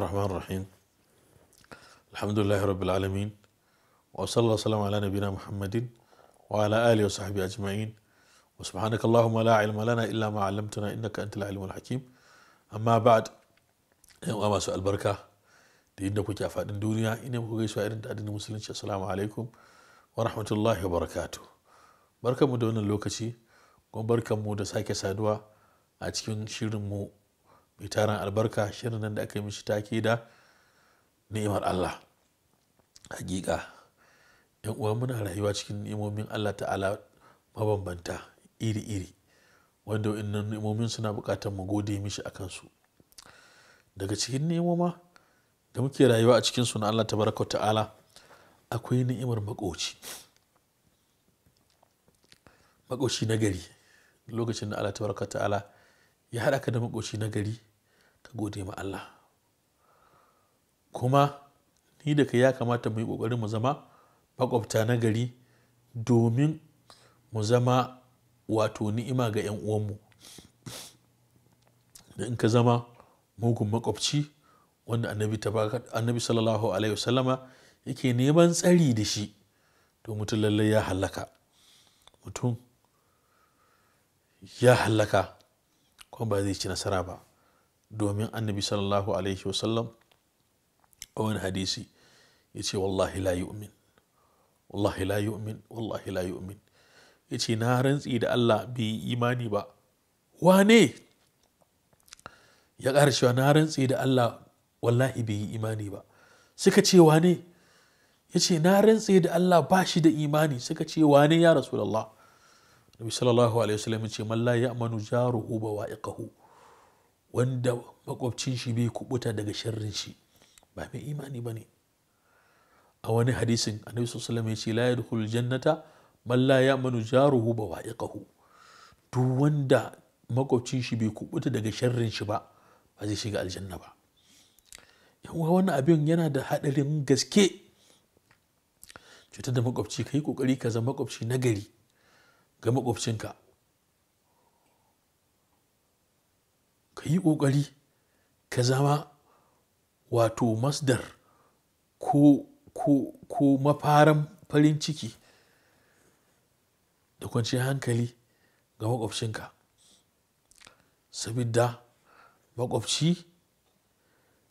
الرحمن الرحيم الحمد لله رب العالمين وصلى الله وسلم على نبينا محمد وعلى آله وصحبه أجمعين وسبحانك اللهم لا علم لنا إلا ما علمتنا إنك أنت العلم الحكيم أما بعد أما سؤال بركة ديننا كوكي أفاد الدنيا إنه كوكي سؤال أدن المسلمين السلام عليكم ورحمة الله وبركاته بركة مدونة لوكشي وبركة مودة ساكي سادوا أتكين مو mai taron albarka shirin nan da aka yi mishi take da ni'imar Allah hakika yan uwa muna rayuwa cikin ni'imomin Allah ta'ala mabambanta iri-iri wanda wa'annan ni'imomin suna bukatar mu gode mishi a kansu daga cikin ni'imoma da muke rayuwa a cikin suna Allah tabaraka ta'ala akwai ni'imar makoci makoci na lokacin da Allah tabaraka ta'ala ya haɗa ka da makoci na ka gode ma Allah kuma ni da kai ya kamata mu yi ƙoƙarin mu zama makwabta na gari domin mu zama wato ni'ima ga 'yan uwanmu da in ka zama mugun makwabci wanda annabi sallallahu alaihi wasallama yake neman tsari da shi to mutum lallai ya hallaka mutum ya hallaka kuma ba zai ci nasara ba domin annabi sallallahu alaihi wasallam a wani hadisi ya ce wallahi la yu'min wallahi la yu'min wallahi la yu'min ya ce na rantsi da Allah bai imani ba wane ya ƙara cewa na rantsi da Allah wallahi bai yi imani ba suka ce wane ya ce na rantse da Allah ba shi da imani suka ce wane ya rasu Allah Nabi sallallahu alaihi wasallam ce man la ya'manu jaruhu bawa'iqahu wanda makwabcin shi bai kubuta daga sharrin shi ba mai imani ba ne a wani hadisin annabi sallallahu ya ce la yadkhul jannata man la ya'manu jaruhu kahu." duk wanda makwabcin shi bai kubuta daga sharrin shi ba ba zai shiga aljanna ba yawa wannan abin yana da hadarin gaske cutar da makwabci ka yi kokari ka zama makwabci nagari ga makwabcinka yi ƙoƙari ka zama wato masdar ko ko ko mafaran farin ciki da kwanciyar hankali ga makwabcinka sabidda makwabci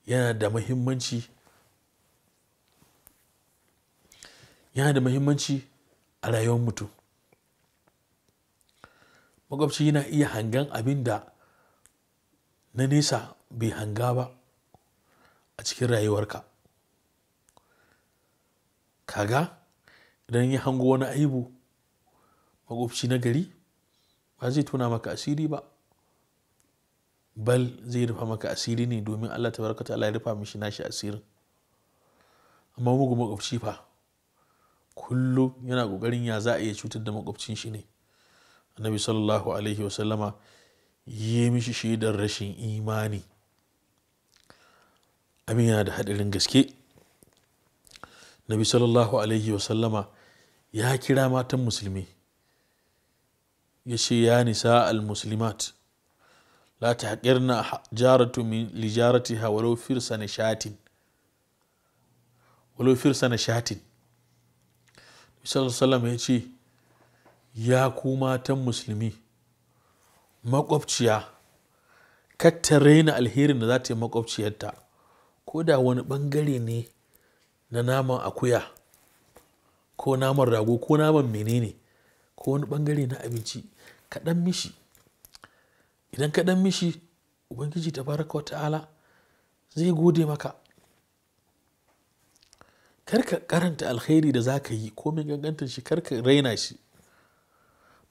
yana da mahimmanci yana da mahimmanci a rayuwar mutum makwabci yana iya hangen abin da na nesa bai hanga ba a cikin rayuwarka kaga idan ya hango wani aibu makwabci na gari ba zai tuna maka asiri ba bal zai rufa maka asiri ne domin allah ta barkata allah ya rufa mishi nashi asirin amma mugu makwabci fa kullum yana kokarin ya za a iya cutar da makwabcin shi ne annabi sallallahu alaihi wasallama yi mishi shaidar rashin imani abin yana da haɗarin gaske nabi sallallahu alaihi wasallama ya kira matan musulmi ya ce ya nisa al-muslimat la ta haƙirna jaratu min lijarati ha walau firsa na shatin walau firsa na shatin sallallahu alaihi ya ce ya ku matan musulmi makwabciya ta raina alherin da za ta yi makwabciyarta ko da wani bangare ne na naman akuya ko naman rago ko naman menene ko wani bangare na abinci kaɗan mishi idan kaɗan mishi ubangiji ta baraka ta'ala zai gode maka karka karanta alheri da za ka yi mai gangantar shi karka raina shi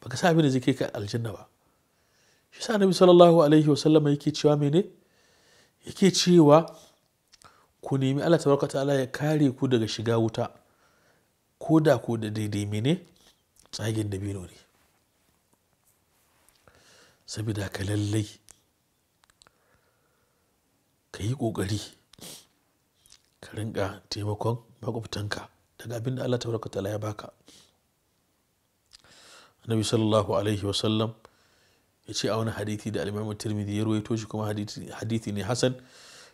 Ba ka sa abin da zai kai ka aljanna ba shi sa annabi sallallahu alaihi wasallama yake cewa mene yake cewa ku nemi Allah tabaraka ta'ala ya kare ku daga shiga wuta ko da ko da daidai mene tsagen dabino ne saboda ka lallai ka yi ƙoƙari ka rinka taimakon makwabtanka daga abin da Allah tabaraka ta'ala ya baka annabi sallallahu alaihi wasallam ya ce a wani hadithi da alimamu tirmidhi ya ruwaito shi kuma hadithi ne hasan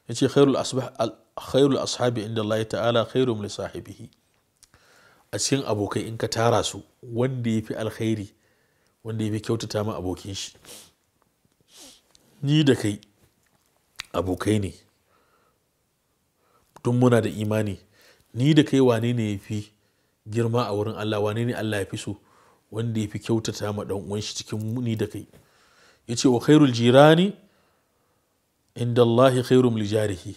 ya ce khairul ashabi inda Allah ta'ala khairum li sahibihi a cikin abokai in ka tara su wanda ya fi alkhairi wanda ya fi kyautata ma abokin shi ni da kai abokai ne tun muna da imani ni da kai wane ne ya fi girma a wurin Allah wane ne Allah ya fi so wanda ya fi kyautata ma ɗan uwan shi cikin ni da kai Yace ce wa khairul jirani inda Allahi khairum lijarihi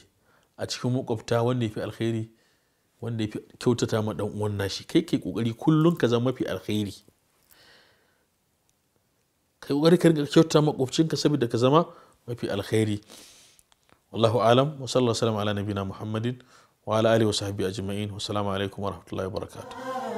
a cikin makwabta wanda ya fi alkhairi wanda ya fi kyautata ma dan uwan nashi kai kai kokari kullum ka zama mafi alkhairi kai kokari ka rinka kyautata makwabcinka saboda ka zama mafi alkhairi wallahu alam wa sallallahu alaihi ala nabina muhammadin wa ala alihi wa sahbihi ajma'in wa assalamu alaikum wa rahmatullahi wa barakatuh